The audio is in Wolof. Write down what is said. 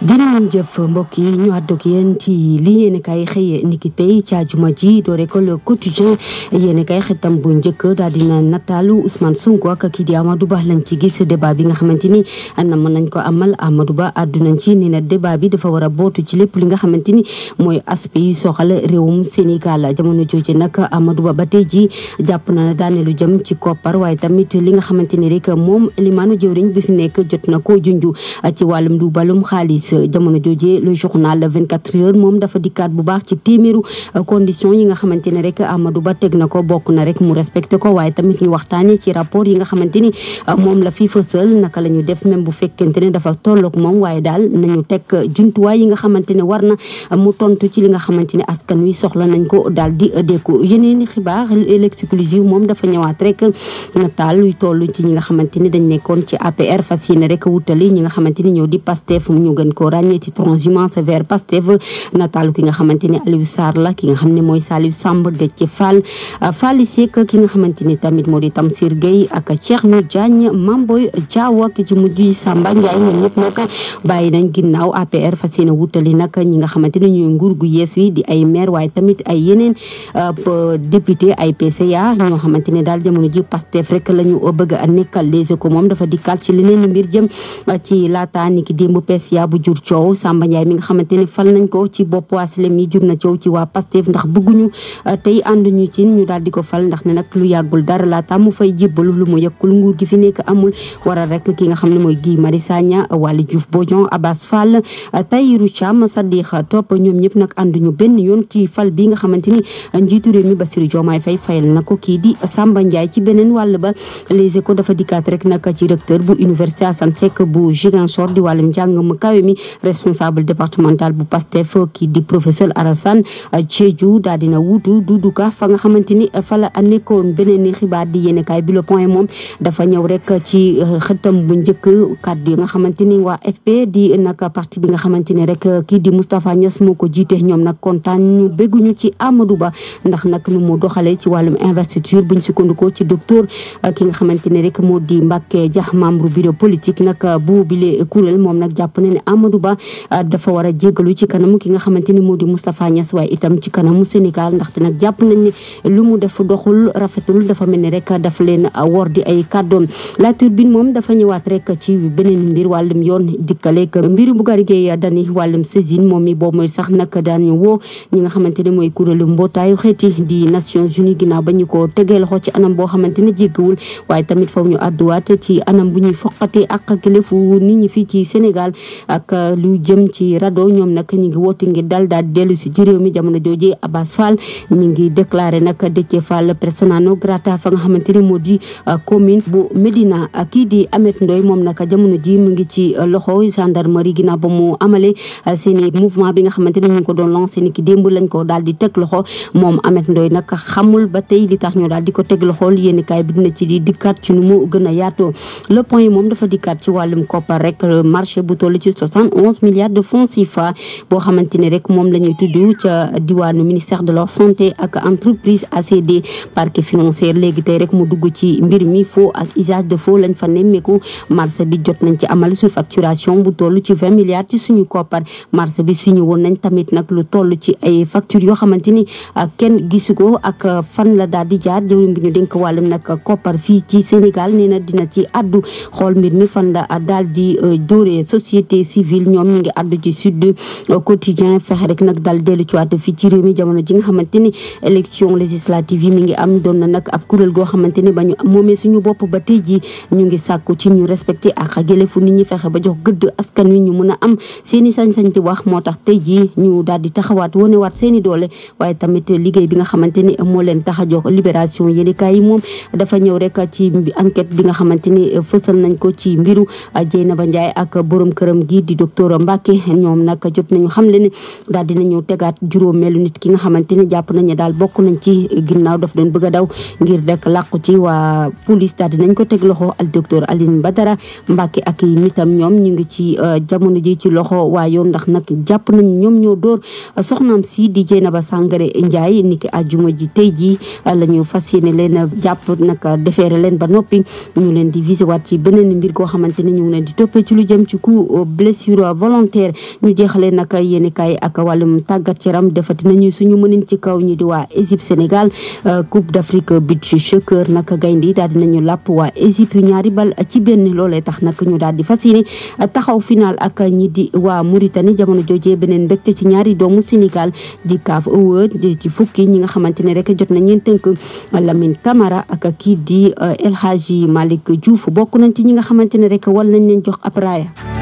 jërë ngeen jëf mbokk yi ñu àddog yéen ci li yéen kay xëye niki tey ci àjuma ji doore ko le quotidien yéen kay xetam bu njëkk daal dina nataalu Ousmane Sonko ak kii di Amadou Ba lañ ci gis débat bi nga xamante ni nam nañ ko amal Amadou Ba àddunañ ci ni débat bi dafa war a bootu ci lépp li nga xamante ni mooy aspect yu soxal réewum Sénégal jamono jooju nag Amadou Ba ba tey ji jàpp na daane lu jëm ci koppar waaye tamit li nga xamante ni rek moom limaanu jëwriñ bi fi nekk jot na ko junju ci wàllum du balum xaalis justice jamono jooje le journal 24 heures moom dafa dikkaat bu baax ci téeméeru euh, condition yi nga xamante ko bokk na rek mu respecté ko waaye tamit yi nga xamante ni euh, moom la fi fësal naka la ñu def même bu fekkente ne dafa tolloog moom waaye daal nañu teg euh, jumtuwaay yi nga xamante ne war na mu tontu ci li nga xamante ne askan wi soxla nañ ko daal di dékku yeneen i xibaar l'exclusive moom dafa ñëwaat rek nataal luy toll ci ñi nga xamante ni dañ nekkoon ci APR fas yéene wutali ñi nga xamante ñoo di ko ràññee ci transhumance vers Pastef nataalu ki nga xamante ni Aliou Sarr la ki nga xam ne mooy Salif Samb Déthié Fall euh, Fally Seck ki nga xamante ni tamit moo di Tamsir Gueye ak ceex Diagne Mamboy Diaw ak ci mujj Samba Ndiaye ñoom ñëpp nag bàyyi nañ ginnaaw APR fas yéene wutali nag ñi nga xamante ni ñooy nguur gu yees wi di ay maire waaye tamit ay yeneen euh, député ay PCA ñoo xamante ne daal jamono ji Pastef rek la ñu bëgg a nekkal ko moom dafa dikkaat ci leneen mbir jëm ci laataa ni ki démb PCA bu jur coow Samba Ndiaye mi nga xamante ne fal nañ ko ci bopp waa Silem yi jur na coow ci waa Pastef ndax bëgguñu euh, tey ànduñu ci ñu daal di ko fal ndax ne nag lu yàggul dara laata mu fay jébbalu lu mu yëkkul nguur gi fi nekk amul waral rek nga xam ne mooy Guy Marius Sagna Waly Diouf Bodian euh, nag bi nga xamante ni njiitu réew mi Bassirou Diomaye Faye fayal na ko kii di Samba Ndiaye ci beneen wàll ba Les Échos dafa dikkaat rek nag ci recteur bu université a Seck bu Ziguinchor di wàllum njàng mu kawe responsable départemental bu PASTEF kii di professeur Alassane Diédhiou daal dina wuutu du Ka fa nga xamante ni fa la nekkoon beneen xibaar di yéene kaay bi le point moom dafa ñaw rek ci euh, xëtam bu njëkk kàddu yi nga xamante ni waa di nag parti bi nga xamante ni rek kii di Moustapha Niass ko jiite ñoom nag kontaan ñu ci Amadou Ba ndax nag nu mu doxalee ci wàllum investiture buñ sukkandikoo ci docteur euh, ki nga xamante ni rek moo di Mbacké Dia membre bureau politique nag bu Amadou Ba euh, dafa war a jégalu ci kanamu ki nga xamante ni moo di Moustapha Niass waaye itam ci kanamu Sénégal ndaxte nag jàpp nañ ne lu mu def doxul rafetul dafa mel ni rek dafa leen wor di ay kàddoom la turbine moom dafa ñëwaat rek ci beneen mbir wàllum yoon dikkaleeg mbiru Bougane Gueye dani wàllum saisine moom mi boo mooy sax nag daañu woo ñi nga xamante ne mooy kuréelu mbootaayu xeeti di Nations Unies ginnaaw ba ñu ko tegee loxo ci anam boo xamante ne jéggiwul waaye tamit faw ñu àdduwaat ci anam bu ñuy foqati ak kilifu nit ñi fii ci Sénégal ak euh, lu jëm ci rado ñoom nag ñu ngi woote ngir dal daal dellu si ci réew mi jamono jooju Abass Fall mi ngi déclaré nag Déthié Fall persona non grata fa nga xamante ni moo di euh, commune bu Médina kii di Ameth Ndoye moom nag jamono ji mu ngi ci loxo gendarmerie ginnaaw ba mu amale euh, seeni mouvement bi nga xamante ni ñu ko doon lancé ni ki démb lañ ko daal di teg loxo moom Ameth Ndoye nag xamul ba tey li tax ñu daal di ko teg loxool yéen kaay bi dina ci di dikkaat ci nu mu gën a yaatoo le point moom dafa dikkaat ci wàllum koppar rek marché bu toll 71 milliards de francs CFA boo xamante ne rek moom la ñuy tudd ca diwaanu ministère de la santé ak entreprise ACD parquet financier léegi tey rek mu dugg ci mbir mi faux ak usage de faux lañ fa nemmeeku marché bi jot nañ ci amal surfacturation bu tollu ci 20 milliards ci suñu koppar marché bi suñu woon nañ tamit nag lu toll ci ay factures yoo xamante ni ah, kenn gisu ko ak fan la daal di jaar jëwriñ bi ñu dénk wàllum nag koppar fii ci Sénégal nee na dina ci addu xool mbir mi ville ñoom ñi ngi àddu ci sud quotidien fexe rek nag dal dellu ci waat fii ci réew mi jamono ji nga xamante ni élection législative yi mi ngi am doon na nag ab kuréel goo xamante ni ba ñu moomee suñu ba tey ji ak yelleefu nit ñu mun a am seeni sañ-sañ di wax moo tax tey ji ñu daal di taxawaat wonewaat seeni doole waaye tamit liggéey bi nga xamante ni moo leen tax a jox libération yéenekaay yi moom dafa ñëw rek ci enquête bi nga xamante ni fësal nañ ko ci mbiru Dieynaba Ndiaye ak borom këram gi docteur Mbacke ñoom nag jot nañu xam le ni daal dinañu tegaat juróomeelu nit ki nga xamante ni jàpp nañu daal bokk nañ ci ginnaaw daf doon bëgg a daw ngir rek làqu ci waa police daal dinañ ko teg loxo al docteur Aline Badara Mbacke ak nitam ñoom ñu ngi ci euh, jamono ji ci loxo waaye yoon ndax nag jàpp nañ ñoom ñoo dóor soxnaam si di Dieynaba Sangaré Ndiaye niki juma ji tey ji euh, la ñu fas yéene leen a jàpp nag defeere leen ba noppi ñu leen di visé waat ci beneen mbir koo xamante ñu ngi di toppee ci lu jëm ci ku euh, blessé candidature volontaire ñu jeexalee nag yéenekaay ak wàllum tàggat yaram defati nañu suñu mënin ci kaw ñi di waa Égypte Sénégal euh, Coupe d'Afrique beach soccer nag gaynde yi daal dinañu làpp waa Égypte ñaari bal ci benn loolee tax nag ñu daal di fas yéene taxaw final ak ñi di waa Mauritanie jamono joojee beneen mbégte ci ñaari doomu Sénégal di CAF Awards ci fukki ñi nga xamante ne rek jot nañu tënk Lamine Camara ak kii di euh, El Hadji Malick Diouf bokk nañ ci ñi nga xamante ne rek wal nañ leen jox ab raaya